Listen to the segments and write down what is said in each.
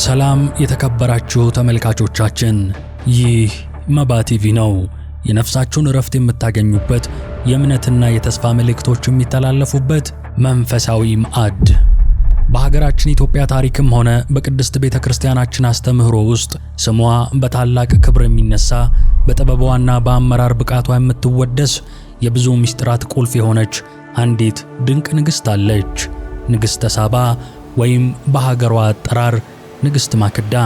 ሰላም የተከበራችሁ ተመልካቾቻችን፣ ይህ መባ ቲቪ ነው። የነፍሳችሁን እረፍት የምታገኙበት የእምነትና የተስፋ መልእክቶች የሚተላለፉበት መንፈሳዊ ማዕድ። በሀገራችን ኢትዮጵያ ታሪክም ሆነ በቅድስት ቤተ ክርስቲያናችን አስተምህሮ ውስጥ ስሟ በታላቅ ክብር የሚነሳ በጥበቧና በአመራር ብቃቷ የምትወደስ የብዙ ምስጢራት ቁልፍ የሆነች አንዲት ድንቅ ንግሥት አለች። ንግሥተ ሳባ ወይም በሀገሯ አጠራር ንግሥት ማክዳ።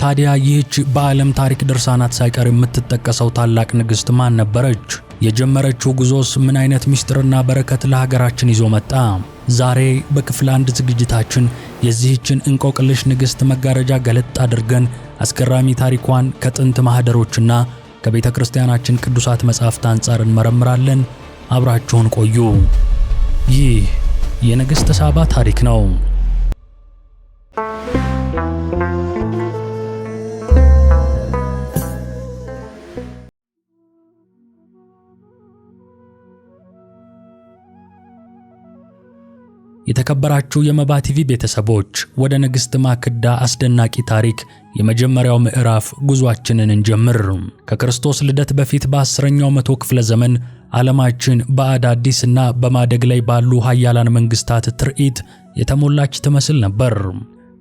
ታዲያ ይህች በዓለም ታሪክ ድርሳናት ሳይቀር የምትጠቀሰው ታላቅ ንግሥት ማን ነበረች? የጀመረችው ጉዞስ ምን አይነት ምስጢርና በረከት ለሀገራችን ይዞ መጣ? ዛሬ በክፍል አንድ ዝግጅታችን የዚህችን እንቆቅልሽ ንግሥት መጋረጃ ገለጥ አድርገን አስገራሚ ታሪኳን ከጥንት ማኅደሮችና ከቤተ ክርስቲያናችን ቅዱሳት መጻሕፍት አንጻር እንመረምራለን። አብራችሁን ቆዩ። ይህ የንግሥት ሳባ ታሪክ ነው። የተከበራችሁ የመባ ቲቪ ቤተሰቦች ወደ ንግሥት ማክዳ አስደናቂ ታሪክ የመጀመሪያው ምዕራፍ ጉዟችንን እንጀምር። ከክርስቶስ ልደት በፊት በአስረኛው መቶ ክፍለ ዘመን ዓለማችን በአዳዲስና በማደግ ላይ ባሉ ኃያላን መንግሥታት ትርኢት የተሞላች ትመስል ነበር።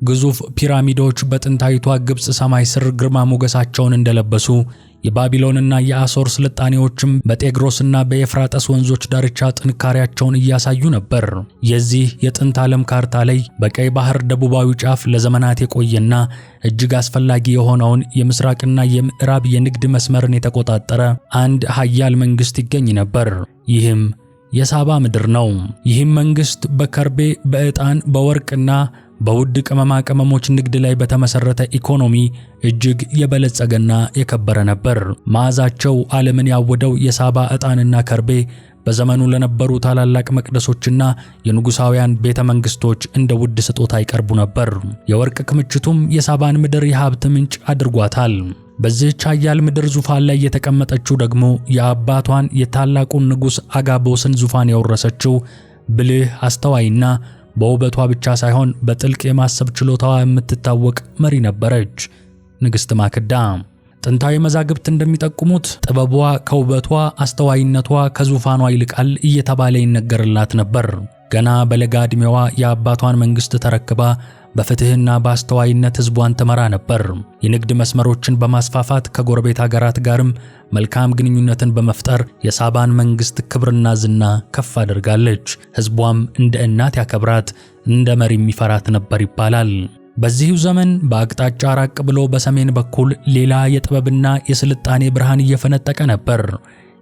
ግዙፍ ፒራሚዶች በጥንታዊቷ ግብፅ ሰማይ ስር ግርማ ሞገሳቸውን እንደለበሱ የባቢሎንና የአሶር ስልጣኔዎችም በጤግሮስና በኤፍራጠስ ወንዞች ዳርቻ ጥንካሬያቸውን እያሳዩ ነበር። የዚህ የጥንት ዓለም ካርታ ላይ በቀይ ባህር ደቡባዊ ጫፍ ለዘመናት የቆየና እጅግ አስፈላጊ የሆነውን የምስራቅና የምዕራብ የንግድ መስመርን የተቆጣጠረ አንድ ኃያል መንግሥት ይገኝ ነበር። ይህም የሳባ ምድር ነው። ይህም መንግሥት በከርቤ፣ በዕጣን፣ በወርቅና በውድ ቅመማ ቅመሞች ንግድ ላይ በተመሰረተ ኢኮኖሚ እጅግ የበለጸገና የከበረ ነበር። መዓዛቸው ዓለምን ያወደው የሳባ ዕጣንና ከርቤ በዘመኑ ለነበሩ ታላላቅ መቅደሶችና የንጉሳውያን ቤተ መንግስቶች እንደ ውድ ስጦታ ይቀርቡ ነበር። የወርቅ ክምችቱም የሳባን ምድር የሀብት ምንጭ አድርጓታል። በዚህች ኃያል ምድር ዙፋን ላይ የተቀመጠችው ደግሞ የአባቷን የታላቁን ንጉሥ አጋቦስን ዙፋን የወረሰችው ብልህ አስተዋይና በውበቷ ብቻ ሳይሆን በጥልቅ የማሰብ ችሎታዋ የምትታወቅ መሪ ነበረች። ንግሥት ማክዳ ጥንታዊ መዛግብት እንደሚጠቁሙት ጥበቧ ከውበቷ፣ አስተዋይነቷ ከዙፋኗ ይልቃል እየተባለ ይነገርላት ነበር። ገና በለጋ ዕድሜዋ የአባቷን መንግሥት ተረክባ በፍትህና በአስተዋይነት ህዝቧን ትመራ ነበር። የንግድ መስመሮችን በማስፋፋት ከጎረቤት ሀገራት ጋርም መልካም ግንኙነትን በመፍጠር የሳባን መንግስት ክብርና ዝና ከፍ አድርጋለች። ህዝቧም እንደ እናት ያከብራት፣ እንደ መሪ የሚፈራት ነበር ይባላል። በዚሁ ዘመን በአቅጣጫ ራቅ ብሎ በሰሜን በኩል ሌላ የጥበብና የስልጣኔ ብርሃን እየፈነጠቀ ነበር፤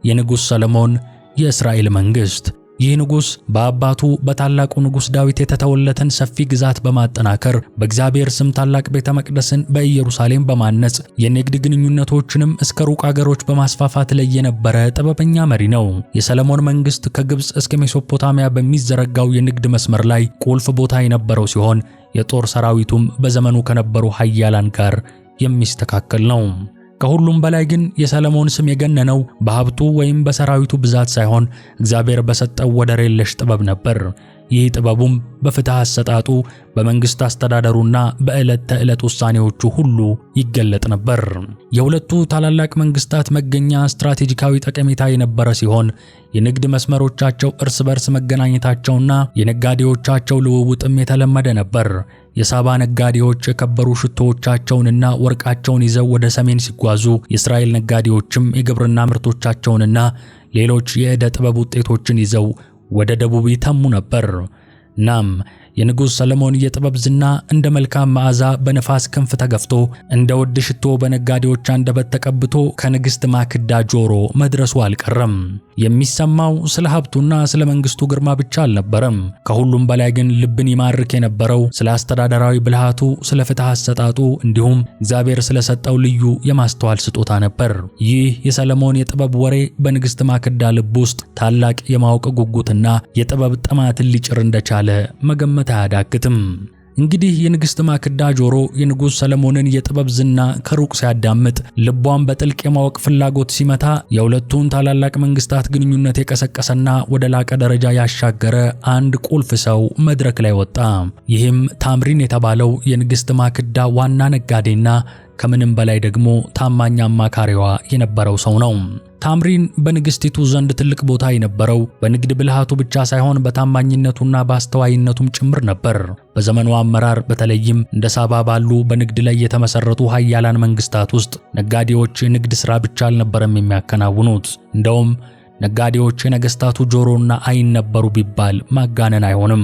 የንጉሥ ሰለሞን የእስራኤል መንግሥት። ይህ ንጉሥ በአባቱ በታላቁ ንጉሥ ዳዊት የተተወለትን ሰፊ ግዛት በማጠናከር በእግዚአብሔር ስም ታላቅ ቤተ መቅደስን በኢየሩሳሌም በማነጽ የንግድ ግንኙነቶችንም እስከ ሩቅ አገሮች በማስፋፋት ላይ የነበረ ጥበበኛ መሪ ነው። የሰለሞን መንግሥት ከግብፅ እስከ ሜሶፖታሚያ በሚዘረጋው የንግድ መስመር ላይ ቁልፍ ቦታ የነበረው ሲሆን የጦር ሰራዊቱም በዘመኑ ከነበሩ ኃያላን ጋር የሚስተካከል ነው። ከሁሉም በላይ ግን የሰለሞን ስም የገነነው በሀብቱ ወይም በሰራዊቱ ብዛት ሳይሆን እግዚአብሔር በሰጠው ወደር የለሽ ጥበብ ነበር። ይህ ጥበቡም በፍትህ አሰጣጡ፣ በመንግስት አስተዳደሩና በዕለት ተዕለት ውሳኔዎቹ ሁሉ ይገለጥ ነበር። የሁለቱ ታላላቅ መንግስታት መገኛ ስትራቴጂካዊ ጠቀሜታ የነበረ ሲሆን የንግድ መስመሮቻቸው እርስ በርስ መገናኘታቸውና የነጋዴዎቻቸው ልውውጥም የተለመደ ነበር። የሳባ ነጋዴዎች የከበሩ ሽቶዎቻቸውንና ወርቃቸውን ይዘው ወደ ሰሜን ሲጓዙ፣ የእስራኤል ነጋዴዎችም የግብርና ምርቶቻቸውንና ሌሎች የዕደ ጥበብ ውጤቶችን ይዘው ወደ ደቡብ ይተሙ ነበር። እናም የንጉሥ ሰለሞን የጥበብ ዝና እንደ መልካም መዓዛ በነፋስ ክንፍ ተገፍቶ እንደ ውድ ሽቶ በነጋዴዎች አንደበት ተቀብቶ ከንግሥት ማክዳ ጆሮ መድረሱ አልቀረም። የሚሰማው ስለ ሀብቱና ስለ መንግስቱ ግርማ ብቻ አልነበረም። ከሁሉም በላይ ግን ልብን ይማርክ የነበረው ስለ አስተዳደራዊ ብልሃቱ፣ ስለ ፍትህ አሰጣጡ እንዲሁም እግዚአብሔር ስለሰጠው ልዩ የማስተዋል ስጦታ ነበር። ይህ የሰለሞን የጥበብ ወሬ በንግሥት ማክዳ ልብ ውስጥ ታላቅ የማወቅ ጉጉትና የጥበብ ጥማትን ሊጭር እንደቻለ መገመት መመልከት አያዳግትም። እንግዲህ የንግሥት ማክዳ ጆሮ የንጉሥ ሰለሞንን የጥበብ ዝና ከሩቅ ሲያዳምጥ ልቧን በጥልቅ የማወቅ ፍላጎት ሲመታ የሁለቱን ታላላቅ መንግሥታት ግንኙነት የቀሰቀሰና ወደ ላቀ ደረጃ ያሻገረ አንድ ቁልፍ ሰው መድረክ ላይ ወጣ። ይህም ታምሪን የተባለው የንግሥት ማክዳ ዋና ነጋዴና ከምንም በላይ ደግሞ ታማኝ አማካሪዋ የነበረው ሰው ነው። ታምሪን በንግስቲቱ ዘንድ ትልቅ ቦታ የነበረው በንግድ ብልሃቱ ብቻ ሳይሆን በታማኝነቱና በአስተዋይነቱም ጭምር ነበር። በዘመኑ አመራር በተለይም እንደ ሳባ ባሉ በንግድ ላይ የተመሰረቱ ሀያላን መንግስታት ውስጥ ነጋዴዎች የንግድ ስራ ብቻ አልነበረም የሚያከናውኑት። እንደውም ነጋዴዎች የነገስታቱ ጆሮና አይን ነበሩ ቢባል ማጋነን አይሆንም።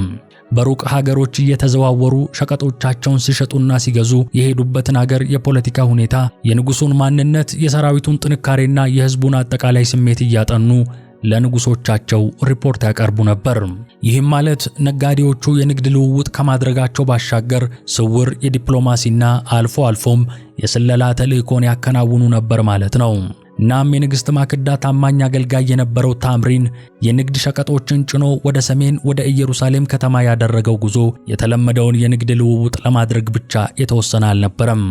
በሩቅ ሀገሮች እየተዘዋወሩ ሸቀጦቻቸውን ሲሸጡና ሲገዙ የሄዱበትን ሀገር የፖለቲካ ሁኔታ፣ የንጉሱን ማንነት፣ የሰራዊቱን ጥንካሬና የህዝቡን አጠቃላይ ስሜት እያጠኑ ለንጉሶቻቸው ሪፖርት ያቀርቡ ነበር። ይህም ማለት ነጋዴዎቹ የንግድ ልውውጥ ከማድረጋቸው ባሻገር ስውር የዲፕሎማሲና አልፎ አልፎም የስለላ ተልእኮን ያከናውኑ ነበር ማለት ነው። እናም የንግሥት ማክዳ ታማኝ አገልጋይ የነበረው ታምሪን የንግድ ሸቀጦችን ጭኖ ወደ ሰሜን ወደ ኢየሩሳሌም ከተማ ያደረገው ጉዞ የተለመደውን የንግድ ልውውጥ ለማድረግ ብቻ የተወሰነ አልነበረም።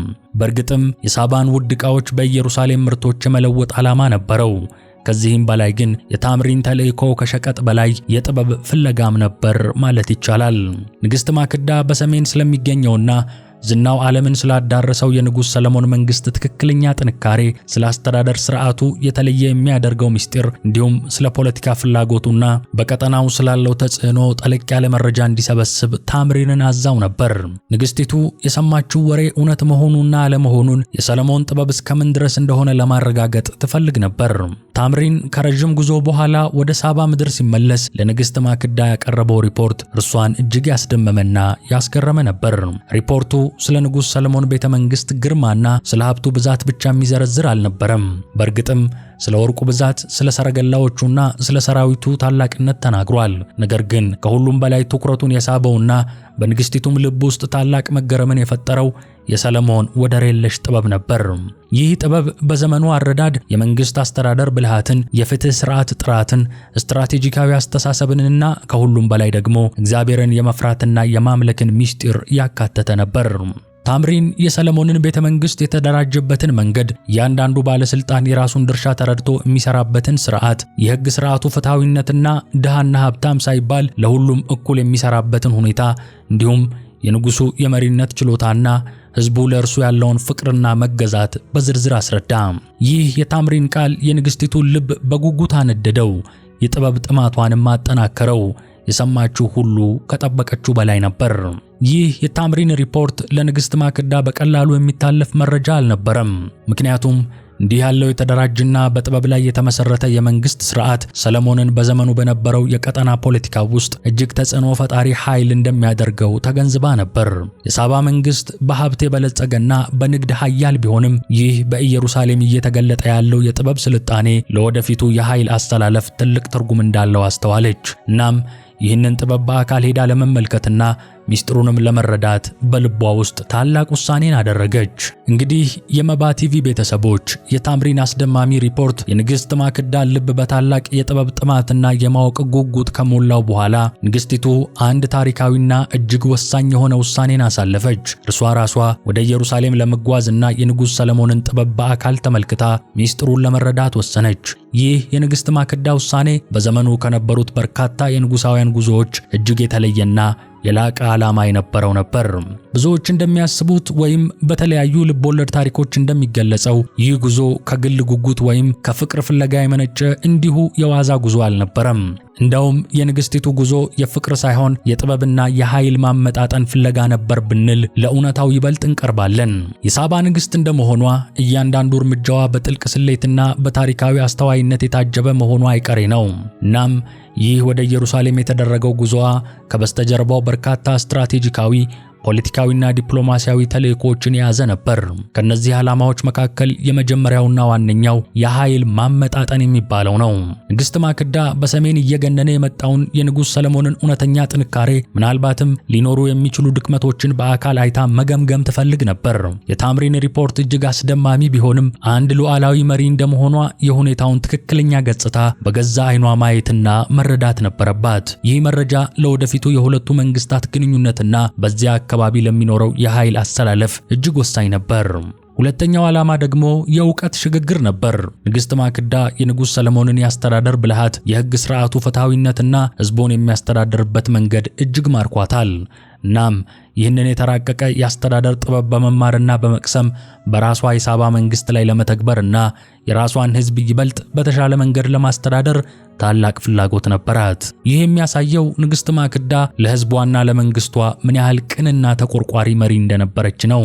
በእርግጥም የሳባን ውድ ዕቃዎች በኢየሩሳሌም ምርቶች የመለወጥ ዓላማ ነበረው። ከዚህም በላይ ግን የታምሪን ተልእኮ ከሸቀጥ በላይ የጥበብ ፍለጋም ነበር ማለት ይቻላል። ንግሥት ማክዳ በሰሜን ስለሚገኘውና ዝናው ዓለምን ስላዳረሰው የንጉሥ ሰለሞን መንግሥት ትክክለኛ ጥንካሬ፣ ስለ አስተዳደር ሥርዓቱ የተለየ የሚያደርገው ምስጢር እንዲሁም ስለ ፖለቲካ ፍላጎቱና በቀጠናው ስላለው ተጽዕኖ ጠለቅ ያለ መረጃ እንዲሰበስብ ታምሪንን አዛው ነበር። ንግሥቲቱ የሰማችው ወሬ እውነት መሆኑና አለመሆኑን የሰለሞን ጥበብ እስከምን ድረስ እንደሆነ ለማረጋገጥ ትፈልግ ነበር። ታምሪን ከረዥም ጉዞ በኋላ ወደ ሳባ ምድር ሲመለስ ለንግሥት ማክዳ ያቀረበው ሪፖርት እርሷን እጅግ ያስደመመና ያስገረመ ነበር። ሪፖርቱ ስለ ንጉሥ ሰለሞን ቤተ መንግሥት ግርማና ስለ ሀብቱ ብዛት ብቻ የሚዘረዝር አልነበረም። በእርግጥም ስለ ወርቁ ብዛት፣ ስለ ሰረገላዎቹና ስለ ሰራዊቱ ታላቅነት ተናግሯል። ነገር ግን ከሁሉም በላይ ትኩረቱን የሳበውና በንግሥቲቱም ልብ ውስጥ ታላቅ መገረምን የፈጠረው የሰለሞን ወደር የለሽ ጥበብ ነበር። ይህ ጥበብ በዘመኑ አረዳድ የመንግሥት አስተዳደር ብልሃትን፣ የፍትህ ስርዓት ጥራትን፣ ስትራቴጂካዊ አስተሳሰብንና ከሁሉም በላይ ደግሞ እግዚአብሔርን የመፍራትና የማምለክን ምስጢር ያካተተ ነበር። ታምሪን የሰለሞንን ቤተ መንግስት የተደራጀበትን መንገድ፣ እያንዳንዱ ባለስልጣን የራሱን ድርሻ ተረድቶ የሚሰራበትን ስርዓት፣ የህግ ስርዓቱ ፍትሐዊነትና ድሃና ሀብታም ሳይባል ለሁሉም እኩል የሚሰራበትን ሁኔታ እንዲሁም የንጉሱ የመሪነት ችሎታና ህዝቡ ለእርሱ ያለውን ፍቅርና መገዛት በዝርዝር አስረዳ። ይህ የታምሪን ቃል የንግስቲቱ ልብ በጉጉት አነደደው፣ የጥበብ ጥማቷንም አጠናከረው። የሰማችው ሁሉ ከጠበቀችው በላይ ነበር። ይህ የታምሪን ሪፖርት ለንግሥት ማክዳ በቀላሉ የሚታለፍ መረጃ አልነበረም። ምክንያቱም እንዲህ ያለው የተደራጅና በጥበብ ላይ የተመሰረተ የመንግስት ስርዓት ሰለሞንን በዘመኑ በነበረው የቀጠና ፖለቲካ ውስጥ እጅግ ተጽዕኖ ፈጣሪ ኃይል እንደሚያደርገው ተገንዝባ ነበር። የሳባ መንግስት በሀብት የበለጸገና በንግድ ሀያል ቢሆንም ይህ በኢየሩሳሌም እየተገለጠ ያለው የጥበብ ስልጣኔ ለወደፊቱ የኃይል አስተላለፍ ትልቅ ትርጉም እንዳለው አስተዋለች። እናም ይህንን ጥበብ በአካል ሄዳ ለመመልከትና ሚስጥሩንም ለመረዳት በልቧ ውስጥ ታላቅ ውሳኔን አደረገች። እንግዲህ የመባ ቲቪ ቤተሰቦች የታምሪን አስደማሚ ሪፖርት የንግሥት ማክዳ ልብ በታላቅ የጥበብ ጥማትና የማወቅ ጉጉት ከሞላው በኋላ ንግሥቲቱ አንድ ታሪካዊና እጅግ ወሳኝ የሆነ ውሳኔን አሳለፈች። እርሷ ራሷ ወደ ኢየሩሳሌም ለመጓዝና የንጉሥ ሰለሞንን ጥበብ በአካል ተመልክታ ሚስጥሩን ለመረዳት ወሰነች። ይህ የንግሥት ማክዳ ውሳኔ በዘመኑ ከነበሩት በርካታ የንጉሳውያን ጉዞዎች እጅግ የተለየና የላቀ ዓላማ የነበረው ነበር። ብዙዎች እንደሚያስቡት ወይም በተለያዩ ልቦለድ ታሪኮች እንደሚገለጸው ይህ ጉዞ ከግል ጉጉት ወይም ከፍቅር ፍለጋ የመነጨ እንዲሁ የዋዛ ጉዞ አልነበረም። እንደውም የንግስቲቱ ጉዞ የፍቅር ሳይሆን የጥበብና የኃይል ማመጣጠን ፍለጋ ነበር ብንል ለእውነታው ይበልጥ እንቀርባለን። የሳባ ንግስት እንደመሆኗ እያንዳንዱ እርምጃዋ በጥልቅ ስሌትና በታሪካዊ አስተዋይነት የታጀበ መሆኗ አይቀሬ ነው። እናም ይህ ወደ ኢየሩሳሌም የተደረገው ጉዞዋ ከበስተጀርባው በርካታ ስትራቴጂካዊ ፖለቲካዊና ዲፕሎማሲያዊ ተልእኮዎችን የያዘ ነበር። ከነዚህ ዓላማዎች መካከል የመጀመሪያውና ዋነኛው የኃይል ማመጣጠን የሚባለው ነው። ንግሥት ማክዳ በሰሜን እየገነነ የመጣውን የንጉሥ ሰለሞንን እውነተኛ ጥንካሬ፣ ምናልባትም ሊኖሩ የሚችሉ ድክመቶችን በአካል አይታ መገምገም ትፈልግ ነበር። የታምሪን ሪፖርት እጅግ አስደማሚ ቢሆንም አንድ ሉዓላዊ መሪ እንደመሆኗ የሁኔታውን ትክክለኛ ገጽታ በገዛ ዓይኗ ማየትና መረዳት ነበረባት። ይህ መረጃ ለወደፊቱ የሁለቱ መንግስታት ግንኙነትና በዚያ አካባቢ ለሚኖረው የኃይል አስተላለፍ እጅግ ወሳኝ ነበር። ሁለተኛው ዓላማ ደግሞ የእውቀት ሽግግር ነበር። ንግሥት ማክዳ የንጉሥ ሰለሞንን የአስተዳደር ብልሃት፣ የሕግ ሥርዓቱ ፍትሐዊነትና ሕዝቡን የሚያስተዳድርበት መንገድ እጅግ ማርኳታል። እናም ይህንን የተራቀቀ የአስተዳደር ጥበብ በመማርና በመቅሰም በራሷ የሳባ መንግስት ላይ ለመተግበርና የራሷን ሕዝብ ይበልጥ በተሻለ መንገድ ለማስተዳደር ታላቅ ፍላጎት ነበራት። ይህ የሚያሳየው ንግሥት ማክዳ ለሕዝቧና ለመንግስቷ ምን ያህል ቅንና ተቆርቋሪ መሪ እንደነበረች ነው።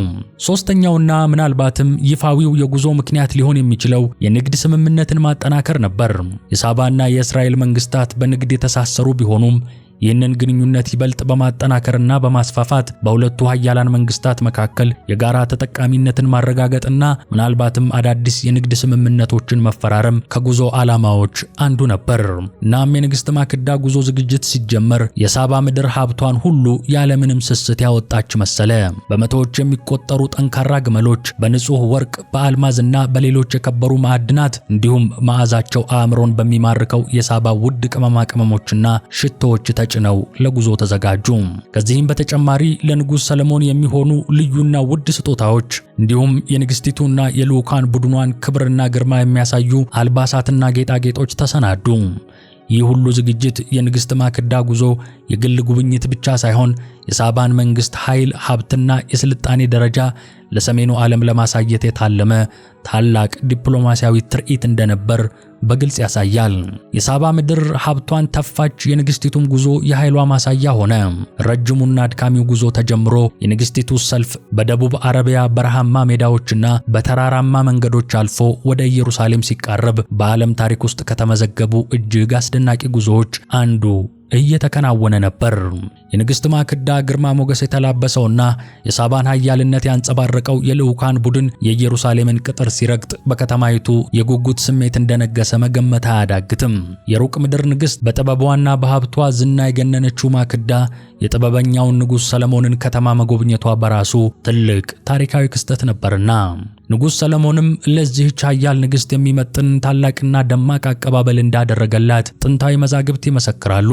ሦስተኛውና ምናልባትም ይፋዊው የጉዞ ምክንያት ሊሆን የሚችለው የንግድ ስምምነትን ማጠናከር ነበር። የሳባና የእስራኤል መንግስታት በንግድ የተሳሰሩ ቢሆኑም ይህንን ግንኙነት ይበልጥ በማጠናከርና በማስፋፋት በሁለቱ ሀያላን መንግስታት መካከል የጋራ ተጠቃሚነትን ማረጋገጥና ምናልባትም አዳዲስ የንግድ ስምምነቶችን መፈራረም ከጉዞ ዓላማዎች አንዱ ነበር። እናም የንግሥት ማክዳ ጉዞ ዝግጅት ሲጀመር የሳባ ምድር ሀብቷን ሁሉ ያለምንም ስስት ያወጣች መሰለ። በመቶዎች የሚቆጠሩ ጠንካራ ግመሎች በንጹህ ወርቅ፣ በአልማዝና በሌሎች የከበሩ ማዕድናት እንዲሁም መዓዛቸው አእምሮን በሚማርከው የሳባ ውድ ቅመማ ቅመሞችና ሽቶዎች ተጭነው ለጉዞ ተዘጋጁ። ከዚህም በተጨማሪ ለንጉሥ ሰለሞን የሚሆኑ ልዩና ውድ ስጦታዎች እንዲሁም የንግሥቲቱና የልዑካን ቡድኗን ክብርና ግርማ የሚያሳዩ አልባሳትና ጌጣጌጦች ተሰናዱ። ይህ ሁሉ ዝግጅት የንግሥት ማክዳ ጉዞ የግል ጉብኝት ብቻ ሳይሆን የሳባን መንግሥት ኃይል፣ ሀብትና የስልጣኔ ደረጃ ለሰሜኑ ዓለም ለማሳየት የታለመ ታላቅ ዲፕሎማሲያዊ ትርኢት እንደነበር በግልጽ ያሳያል። የሳባ ምድር ሀብቷን ተፋች፣ የንግሥቲቱም ጉዞ የኃይሏ ማሳያ ሆነ። ረጅሙና አድካሚው ጉዞ ተጀምሮ የንግሥቲቱ ሰልፍ በደቡብ አረቢያ በረሃማ ሜዳዎችና በተራራማ መንገዶች አልፎ ወደ ኢየሩሳሌም ሲቃረብ በዓለም ታሪክ ውስጥ ከተመዘገቡ እጅግ አስደናቂ ጉዞዎች አንዱ እየተከናወነ ነበር። የንግሥት ማክዳ ግርማ ሞገስ የተላበሰውና የሳባን ኃያልነት ያንጸባረቀው የልዑካን ቡድን የኢየሩሳሌምን ቅጥር ሲረግጥ በከተማይቱ የጉጉት ስሜት እንደነገሰ መገመት አያዳግትም። የሩቅ ምድር ንግሥት በጥበቧና በሀብቷ ዝና የገነነችው ማክዳ የጥበበኛውን ንጉሥ ሰለሞንን ከተማ መጎብኘቷ በራሱ ትልቅ ታሪካዊ ክስተት ነበርና ንጉሥ ሰለሞንም ለዚህች ኃያል ንግሥት የሚመጥን ታላቅና ደማቅ አቀባበል እንዳደረገላት ጥንታዊ መዛግብት ይመሰክራሉ።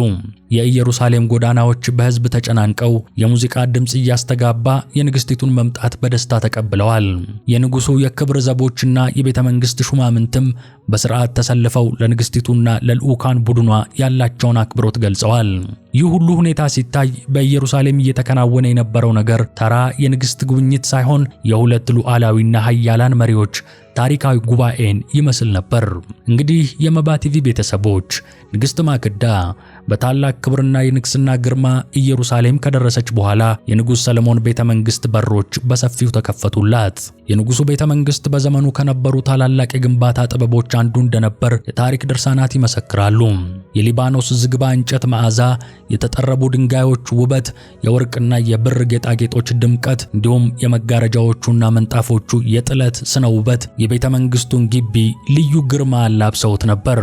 የኢየሩሳሌም ጎዳናዎች በሕዝብ ተጨናንቀው የሙዚቃ ድምፅ እያስተጋባ የንግሥቲቱን መምጣት በደስታ ተቀብለዋል። የንጉሡ የክብር ዘቦችና የቤተ መንግሥት ሹማምንትም በሥርዓት ተሰልፈው ለንግሥቲቱና ለልዑካን ቡድኗ ያላቸውን አክብሮት ገልጸዋል። ይህ ሁሉ ሁኔታ ሲታይ በኢየሩሳሌም እየተከናወነ የነበረው ነገር ተራ የንግሥት ጉብኝት ሳይሆን የሁለት ሉዓላዊና ኃያላን መሪዎች ታሪካዊ ጉባኤን ይመስል ነበር። እንግዲህ የመባ ቲቪ ቤተሰቦች ንግሥት ማክዳ በታላቅ ክብርና የንግስና ግርማ ኢየሩሳሌም ከደረሰች በኋላ የንጉሥ ሰለሞን ቤተ መንግሥት በሮች በሰፊው ተከፈቱላት። የንጉሡ ቤተ መንግሥት በዘመኑ ከነበሩ ታላላቅ የግንባታ ጥበቦች አንዱ እንደነበር የታሪክ ድርሳናት ይመሰክራሉ። የሊባኖስ ዝግባ እንጨት መዓዛ፣ የተጠረቡ ድንጋዮች ውበት፣ የወርቅና የብር ጌጣጌጦች ድምቀት እንዲሁም የመጋረጃዎቹና ምንጣፎቹ የጥለት ስነ ውበት የቤተ መንግሥቱን ግቢ ልዩ ግርማ አላብሰውት ነበር።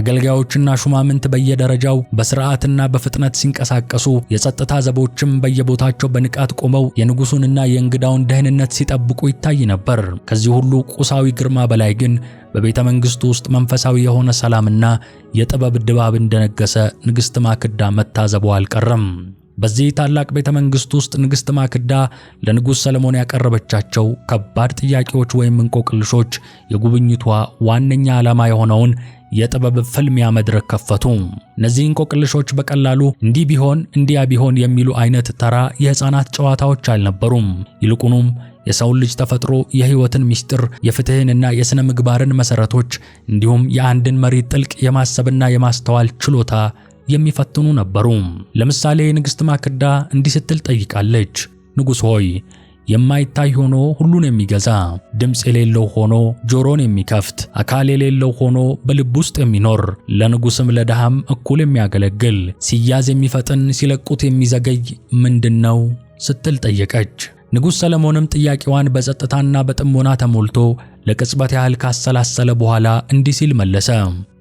አገልጋዮችና ሹማምንት በየደረጃው በስርዓትና በፍጥነት ሲንቀሳቀሱ፣ የጸጥታ ዘቦችም በየቦታቸው በንቃት ቆመው የንጉሱንና የእንግዳውን ደህንነት ሲጠብቁ ይታይ ነበር። ከዚህ ሁሉ ቁሳዊ ግርማ በላይ ግን በቤተ መንግስቱ ውስጥ መንፈሳዊ የሆነ ሰላምና የጥበብ ድባብ እንደነገሰ ንግሥት ማክዳ መታዘቡ አልቀረም። በዚህ ታላቅ ቤተ መንግስት ውስጥ ንግሥት ማክዳ ለንጉሥ ሰለሞን ያቀረበቻቸው ከባድ ጥያቄዎች ወይም እንቆቅልሾች የጉብኝቷ ዋነኛ ዓላማ የሆነውን የጥበብ ፍልሚያ መድረክ ከፈቱ። እነዚህ እንቆቅልሾች በቀላሉ እንዲህ ቢሆን እንዲያ ቢሆን የሚሉ አይነት ተራ የህፃናት ጨዋታዎች አልነበሩም። ይልቁኑም የሰውን ልጅ ተፈጥሮ፣ የህይወትን ምስጢር፣ የፍትህንና የሥነ ምግባርን መሠረቶች እንዲሁም የአንድን መሪ ጥልቅ የማሰብና የማስተዋል ችሎታ የሚፈትኑ ነበሩ። ለምሳሌ ንግሥት ማክዳ እንዲህ ስትል ጠይቃለች። ንጉሥ ሆይ የማይታይ ሆኖ ሁሉን የሚገዛ ድምፅ የሌለው ሆኖ ጆሮን የሚከፍት አካል የሌለው ሆኖ በልብ ውስጥ የሚኖር ለንጉስም ለድሃም እኩል የሚያገለግል ሲያዝ የሚፈጥን ሲለቁት የሚዘገይ ምንድን ነው ስትል ጠየቀች። ንጉሥ ሰለሞንም ጥያቄዋን በጸጥታና በጥሞና ተሞልቶ ለቅጽበት ያህል ካሰላሰለ በኋላ እንዲህ ሲል መለሰ።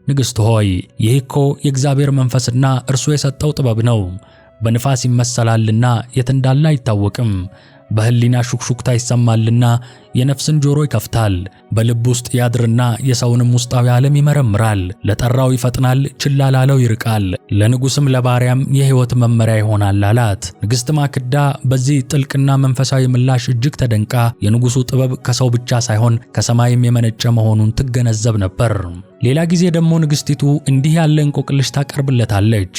ንግሥት ሆይ ይህ እኮ የእግዚአብሔር መንፈስና እርሱ የሰጠው ጥበብ ነው። በንፋስ ይመሰላልና የት እንዳለ አይታወቅም። በህሊና ሹክሹክታ ይሰማልና የነፍስን ጆሮ ይከፍታል። በልብ ውስጥ ያድርና የሰውንም ውስጣዊ ዓለም ይመረምራል። ለጠራው ይፈጥናል፣ ችላ ላለው ይርቃል። ለንጉስም ለባሪያም የህይወት መመሪያ ይሆናል አላት። ንግስት ማክዳ በዚህ ጥልቅና መንፈሳዊ ምላሽ እጅግ ተደንቃ የንጉሱ ጥበብ ከሰው ብቻ ሳይሆን ከሰማይም የመነጨ መሆኑን ትገነዘብ ነበር። ሌላ ጊዜ ደግሞ ንግስቲቱ እንዲህ ያለ እንቆቅልሽ ታቀርብለታለች።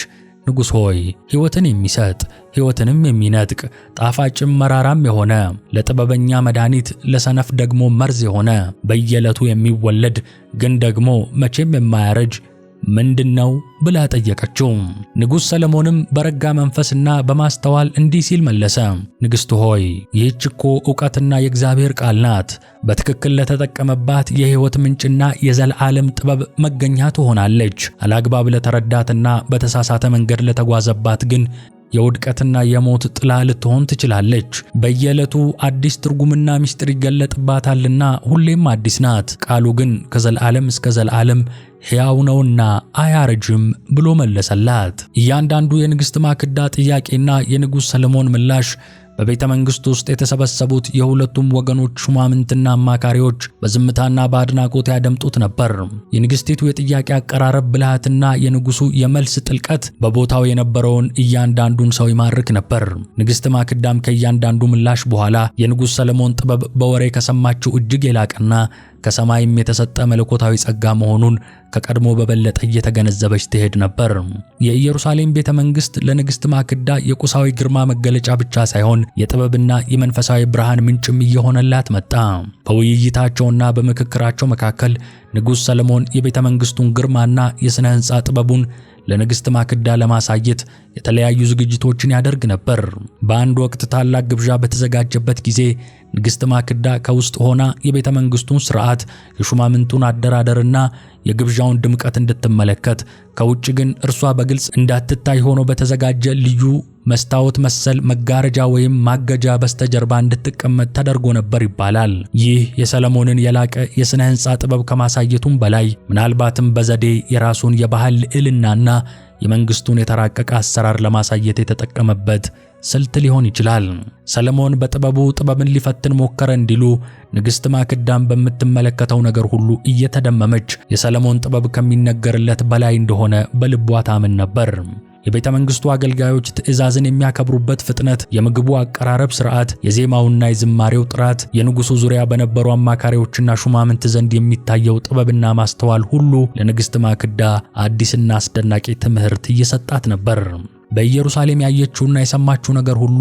ንጉሥ ሆይ ሕይወትን የሚሰጥ ሕይወትንም የሚነጥቅ ጣፋጭም መራራም የሆነ ለጥበበኛ መድኃኒት ለሰነፍ ደግሞ መርዝ የሆነ በየዕለቱ የሚወለድ ግን ደግሞ መቼም የማያረጅ ምንድን ነው ብላ ጠየቀችው። ንጉሥ ሰለሞንም በረጋ መንፈስና በማስተዋል እንዲህ ሲል መለሰ። ንግሥት ሆይ ይህች እኮ ዕውቀትና የእግዚአብሔር ቃል ናት። በትክክል ለተጠቀመባት የሕይወት ምንጭና የዘላለም ጥበብ መገኛ ትሆናለች። አላግባብ ለተረዳትና በተሳሳተ መንገድ ለተጓዘባት ግን የውድቀትና የሞት ጥላ ልትሆን ትችላለች። በየዕለቱ አዲስ ትርጉምና ምስጢር ይገለጥባታልና ሁሌም አዲስ ናት። ቃሉ ግን ከዘላለም እስከ ዘላለም ሕያው ነውና አያረጅም ብሎ መለሰላት። እያንዳንዱ የንግሥት ማክዳ ጥያቄና የንጉሥ ሰለሞን ምላሽ በቤተ መንግስት ውስጥ የተሰበሰቡት የሁለቱም ወገኖች ሹማምንትና አማካሪዎች በዝምታና በአድናቆት ያደምጡት ነበር። የንግስቲቱ የጥያቄ አቀራረብ ብልሃትና የንጉሱ የመልስ ጥልቀት በቦታው የነበረውን እያንዳንዱን ሰው ይማርክ ነበር። ንግስት ማክዳም ከእያንዳንዱ ምላሽ በኋላ የንጉስ ሰለሞን ጥበብ በወሬ ከሰማችው እጅግ የላቀና ከሰማይም የተሰጠ መለኮታዊ ጸጋ መሆኑን ከቀድሞ በበለጠ እየተገነዘበች ትሄድ ነበር። የኢየሩሳሌም ቤተ መንግሥት ለንግሥት ማክዳ የቁሳዊ ግርማ መገለጫ ብቻ ሳይሆን የጥበብና የመንፈሳዊ ብርሃን ምንጭም እየሆነላት መጣ። በውይይታቸውና በምክክራቸው መካከል ንጉሥ ሰለሞን የቤተ መንግሥቱን ግርማና የሥነ ሕንፃ ጥበቡን ለንግሥት ማክዳ ለማሳየት የተለያዩ ዝግጅቶችን ያደርግ ነበር። በአንድ ወቅት ታላቅ ግብዣ በተዘጋጀበት ጊዜ ንግሥት ማክዳ ከውስጥ ሆና የቤተ መንግሥቱን ሥርዓት፣ የሹማምንቱን አደራደርና የግብዣውን ድምቀት እንድትመለከት ከውጭ ግን እርሷ በግልጽ እንዳትታይ ሆኖ በተዘጋጀ ልዩ መስታወት መሰል መጋረጃ ወይም ማገጃ በስተጀርባ እንድትቀመጥ ተደርጎ ነበር ይባላል። ይህ የሰለሞንን የላቀ የሥነ ሕንፃ ጥበብ ከማሳየቱም በላይ ምናልባትም በዘዴ የራሱን የባህል ልዕልናና የመንግስቱን የተራቀቀ አሰራር ለማሳየት የተጠቀመበት ስልት ሊሆን ይችላል። ሰለሞን በጥበቡ ጥበብን ሊፈትን ሞከረ እንዲሉ ንግሥት ማክዳም በምትመለከተው ነገር ሁሉ እየተደመመች የሰለሞን ጥበብ ከሚነገርለት በላይ እንደሆነ በልቧ ታምን ነበር። የቤተ መንግስቱ አገልጋዮች ትእዛዝን የሚያከብሩበት ፍጥነት፣ የምግቡ አቀራረብ ስርዓት፣ የዜማውና የዝማሬው ጥራት፣ የንጉሱ ዙሪያ በነበሩ አማካሪዎችና ሹማምንት ዘንድ የሚታየው ጥበብና ማስተዋል ሁሉ ለንግስት ማክዳ አዲስና አስደናቂ ትምህርት እየሰጣት ነበር። በኢየሩሳሌም ያየችውና የሰማችው ነገር ሁሉ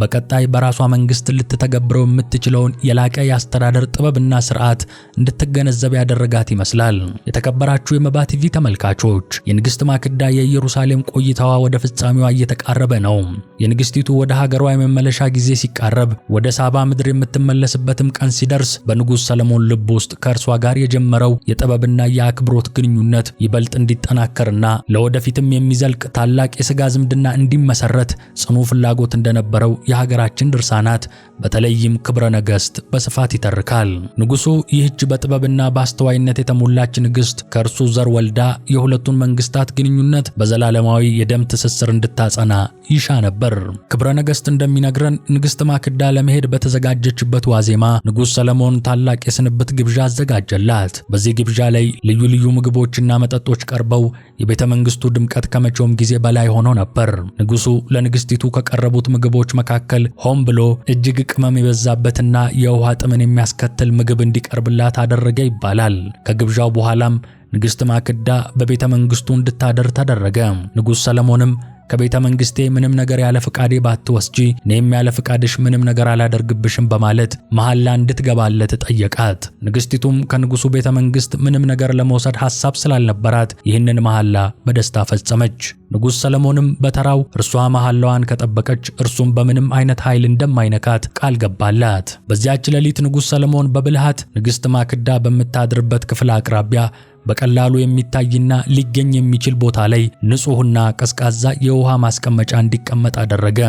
በቀጣይ በራሷ መንግስት ልትተገብረው የምትችለውን የላቀ የአስተዳደር ጥበብና ስርዓት እንድትገነዘብ ያደረጋት ይመስላል። የተከበራችሁ የመባ ቲቪ ተመልካቾች፣ የንግስት ማክዳ የኢየሩሳሌም ቆይታዋ ወደ ፍጻሜዋ እየተቃረበ ነው። የንግስቲቱ ወደ ሀገሯ የመመለሻ ጊዜ ሲቃረብ፣ ወደ ሳባ ምድር የምትመለስበትም ቀን ሲደርስ በንጉሥ ሰለሞን ልብ ውስጥ ከእርሷ ጋር የጀመረው የጥበብና የአክብሮት ግንኙነት ይበልጥ እንዲጠናከርና ለወደፊትም የሚዘልቅ ታላቅ የስጋ ዝምድና እንዲመሰረት ጽኑ ፍላጎት እንደነበረው የሀገራችን ድርሳናት በተለይም ክብረ ነገሥት በስፋት ይተርካል። ንጉሡ ይህች በጥበብና በአስተዋይነት የተሞላች ንግሥት ከእርሱ ዘር ወልዳ የሁለቱን መንግሥታት ግንኙነት በዘላለማዊ የደም ትስስር እንድታጸና ይሻ ነበር። ክብረ ነገሥት እንደሚነግረን ንግሥት ማክዳ ለመሄድ በተዘጋጀችበት ዋዜማ ንጉሥ ሰለሞን ታላቅ የስንብት ግብዣ አዘጋጀላት። በዚህ ግብዣ ላይ ልዩ ልዩ ምግቦችና መጠጦች ቀርበው የቤተ መንግሥቱ ድምቀት ከመቼውም ጊዜ በላይ ሆኖ ነበር። ንጉሡ ለንግሥቲቱ ከቀረቡት ምግቦች መካከል መካከል ሆን ብሎ እጅግ ቅመም የበዛበትና የውሃ ጥምን የሚያስከትል ምግብ እንዲቀርብላት አደረገ ይባላል። ከግብዣው በኋላም ንግሥት ማክዳ በቤተ መንግሥቱ እንድታደር ተደረገ። ንጉሥ ሰለሞንም ከቤተ መንግስቴ ምንም ነገር ያለ ፍቃዴ ባትወስጂ እኔም ያለ ፍቃድሽ ምንም ነገር አላደርግብሽም በማለት መሐላ እንድትገባለት ጠየቃት። ንግስቲቱም ከንጉሱ ቤተ መንግስት ምንም ነገር ለመውሰድ ሐሳብ ስላልነበራት ይህንን መሐላ በደስታ ፈጸመች። ንጉሥ ሰለሞንም በተራው እርሷ መሐላዋን ከጠበቀች እርሱም በምንም አይነት ኃይል እንደማይነካት ቃል ገባላት። በዚያች ሌሊት ንጉሥ ሰለሞን በብልሃት ንግሥት ማክዳ በምታድርበት ክፍል አቅራቢያ በቀላሉ የሚታይና ሊገኝ የሚችል ቦታ ላይ ንጹህና ቀዝቃዛ የውሃ ማስቀመጫ እንዲቀመጥ አደረገ።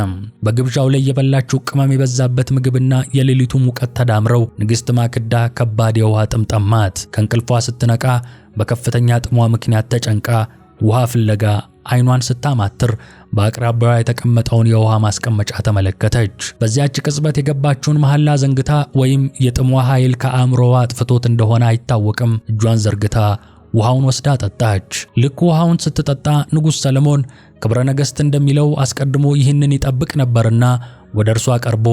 በግብዣው ላይ የበላችው ቅመም የበዛበት ምግብና የሌሊቱ ሙቀት ተዳምረው ንግሥት ማክዳ ከባድ የውሃ ጥም ጠማት። ከእንቅልፏ ስትነቃ በከፍተኛ ጥሟ ምክንያት ተጨንቃ ውሃ ፍለጋ አይኗን ስታማትር በአቅራቢያዋ የተቀመጠውን የውሃ ማስቀመጫ ተመለከተች። በዚያች ቅጽበት የገባችውን መሐላ ዘንግታ ወይም የጥሟ ኃይል ከአእምሮዋ አጥፍቶት እንደሆነ አይታወቅም፣ እጇን ዘርግታ ውሃውን ወስዳ ጠጣች። ልክ ውሃውን ስትጠጣ ንጉሥ ሰለሞን ክብረ ነገሥት እንደሚለው አስቀድሞ ይህንን ይጠብቅ ነበርና ወደ እርሷ ቀርቦ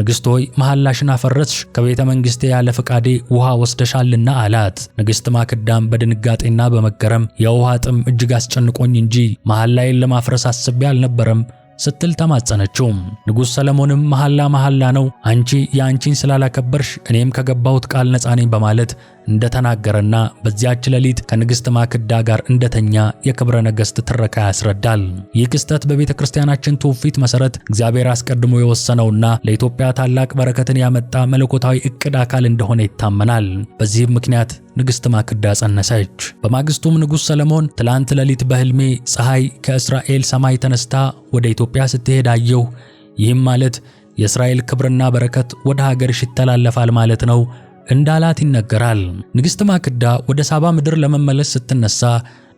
ንግሥት ሆይ መሐላሽን አፈረስሽ፣ ከቤተ መንግሥቴ ያለ ፈቃዴ ውሃ ወስደሻልና አላት። ንግሥት ማክዳም በድንጋጤና በመገረም የውሃ ጥም እጅግ አስጨንቆኝ እንጂ መሐላዬን ለማፍረስ አስቤ አልነበረም ስትል ተማጸነችው። ንጉሥ ሰለሞንም መሐላ መሐላ ነው፣ አንቺ የአንቺን ስላላከበርሽ እኔም ከገባሁት ቃል ነፃ ነኝ በማለት እንደተናገረና በዚያች ሌሊት ከንግሥት ማክዳ ጋር እንደተኛ የክብረ ነገሥት ትረካ ያስረዳል። ይህ ክስተት በቤተ ክርስቲያናችን ትውፊት መሠረት እግዚአብሔር አስቀድሞ የወሰነውና ለኢትዮጵያ ታላቅ በረከትን ያመጣ መለኮታዊ ዕቅድ አካል እንደሆነ ይታመናል። በዚህም ምክንያት ንግሥት ማክዳ ጸነሰች። በማግስቱም ንጉሥ ሰለሞን ትላንት ሌሊት በሕልሜ ፀሐይ ከእስራኤል ሰማይ ተነስታ ወደ ኢትዮጵያ ስትሄድ አየሁ። ይህም ማለት የእስራኤል ክብርና በረከት ወደ ሀገርሽ ይተላለፋል ማለት ነው እንዳላት ይነገራል። ንግሥት ማክዳ ወደ ሳባ ምድር ለመመለስ ስትነሳ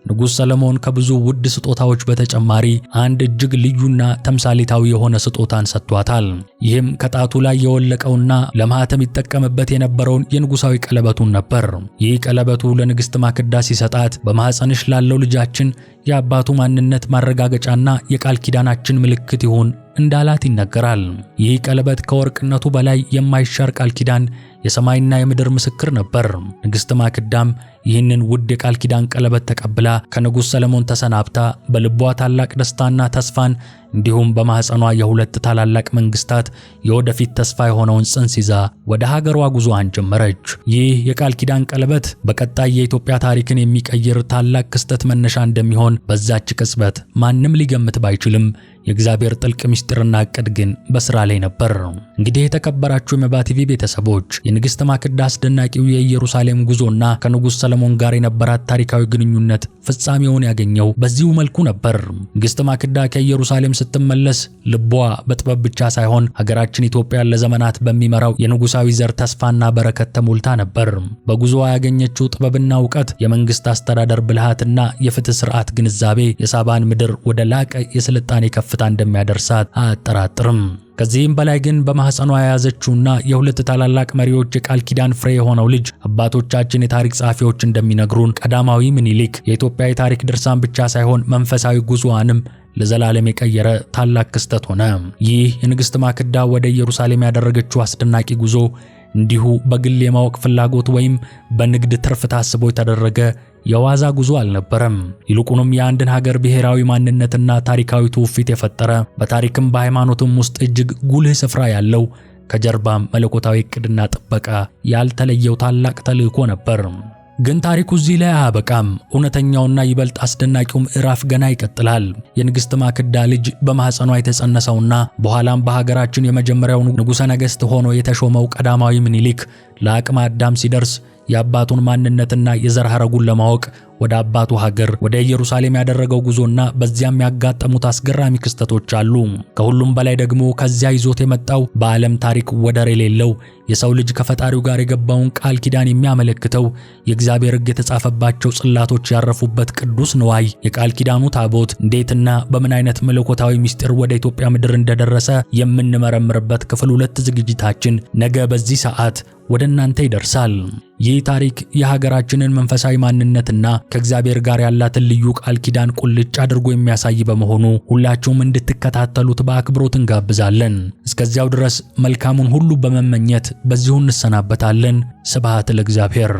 ንጉሥ ሰለሞን ከብዙ ውድ ስጦታዎች በተጨማሪ አንድ እጅግ ልዩና ተምሳሌታዊ የሆነ ስጦታን ሰጥቷታል። ይህም ከጣቱ ላይ የወለቀውና ለማኅተም ይጠቀምበት የነበረውን የንጉሣዊ ቀለበቱን ነበር። ይህ ቀለበቱ ለንግሥት ማክዳ ሲሰጣት በማኅፀንሽ ላለው ልጃችን የአባቱ ማንነት ማረጋገጫና የቃል ኪዳናችን ምልክት ይሁን እንዳላት ይነገራል። ይህ ቀለበት ከወርቅነቱ በላይ የማይሻር ቃል ኪዳን የሰማይና የምድር ምስክር ነበር። ንግሥት ማክዳም ይህንን ውድ የቃል ኪዳን ቀለበት ተቀብላ ከንጉሥ ሰለሞን ተሰናብታ በልቧ ታላቅ ደስታና ተስፋን እንዲሁም በማኅፀኗ የሁለት ታላላቅ መንግሥታት የወደፊት ተስፋ የሆነውን ጽንስ ይዛ ወደ ሀገሯ ጉዞዋን ጀመረች። ይህ የቃል ኪዳን ቀለበት በቀጣይ የኢትዮጵያ ታሪክን የሚቀይር ታላቅ ክስተት መነሻ እንደሚሆን በዛች ቅጽበት ማንም ሊገምት ባይችልም የእግዚአብሔር ጥልቅ ምስጢርና እቅድ ግን በስራ ላይ ነበር። እንግዲህ የተከበራችሁ የመባ ቲቪ ቤተሰቦች የንግሥት ማክዳ አስደናቂው የኢየሩሳሌም ጉዞና ከንጉሥ ሰለሞን ጋር የነበራት ታሪካዊ ግንኙነት ፍጻሜውን ያገኘው በዚሁ መልኩ ነበር። ንግሥት ማክዳ ከኢየሩሳሌም ስትመለስ ልቧ በጥበብ ብቻ ሳይሆን ሀገራችን ኢትዮጵያን ለዘመናት በሚመራው የንጉሳዊ ዘር ተስፋና በረከት ተሞልታ ነበር። በጉዞዋ ያገኘችው ጥበብና እውቀት የመንግስት አስተዳደር ብልሃትና የፍትህ ስርዓት ግንዛቤ የሳባን ምድር ወደ ላቀ የስልጣኔ ከፍ ከፍታ እንደሚያደርሳት አያጠራጥርም። ከዚህም በላይ ግን በማህፀኗ የያዘችውና የሁለት ታላላቅ መሪዎች የቃል ኪዳን ፍሬ የሆነው ልጅ አባቶቻችን የታሪክ ጸሐፊዎች እንደሚነግሩን ቀዳማዊ ምኒልክ የኢትዮጵያ የታሪክ ድርሳን ብቻ ሳይሆን መንፈሳዊ ጉዞዋንም ለዘላለም የቀየረ ታላቅ ክስተት ሆነ። ይህ የንግሥት ማክዳ ወደ ኢየሩሳሌም ያደረገችው አስደናቂ ጉዞ እንዲሁ በግል የማወቅ ፍላጎት ወይም በንግድ ትርፍ ታስቦ የተደረገ የዋዛ ጉዞ አልነበረም። ይልቁንም የአንድን ሀገር ብሔራዊ ማንነትና ታሪካዊ ትውፊት የፈጠረ በታሪክም በሃይማኖትም ውስጥ እጅግ ጉልህ ስፍራ ያለው ከጀርባም መለኮታዊ እቅድና ጥበቃ ያልተለየው ታላቅ ተልዕኮ ነበር። ግን ታሪኩ እዚህ ላይ አያበቃም። እውነተኛውና ይበልጥ አስደናቂው ምዕራፍ ገና ይቀጥላል። የንግሥት ማክዳ ልጅ በማኅፀኗ የተጸነሰውና በኋላም በሀገራችን የመጀመሪያው ንጉሠ ነገሥት ሆኖ የተሾመው ቀዳማዊ ምኒልክ ለአቅመ አዳም ሲደርስ የአባቱን ማንነትና የዘር ሐረጉን ለማወቅ ወደ አባቱ ሀገር ወደ ኢየሩሳሌም ያደረገው ጉዞና በዚያም ያጋጠሙት አስገራሚ ክስተቶች አሉ። ከሁሉም በላይ ደግሞ ከዚያ ይዞት የመጣው በዓለም ታሪክ ወደር የሌለው የሰው ልጅ ከፈጣሪው ጋር የገባውን ቃል ኪዳን የሚያመለክተው የእግዚአብሔር ሕግ የተጻፈባቸው ጽላቶች ያረፉበት ቅዱስ ንዋይ፣ የቃል ኪዳኑ ታቦት እንዴትና በምን አይነት መለኮታዊ ምስጢር ወደ ኢትዮጵያ ምድር እንደደረሰ የምንመረምርበት ክፍል ሁለት ዝግጅታችን ነገ በዚህ ሰዓት ወደ እናንተ ይደርሳል። ይህ ታሪክ የሀገራችንን መንፈሳዊ ማንነትና ከእግዚአብሔር ጋር ያላትን ልዩ ቃል ኪዳን ቁልጭ አድርጎ የሚያሳይ በመሆኑ ሁላችሁም እንድትከታተሉት በአክብሮት እንጋብዛለን። እስከዚያው ድረስ መልካሙን ሁሉ በመመኘት በዚሁ እንሰናበታለን። ስብሐት ለእግዚአብሔር።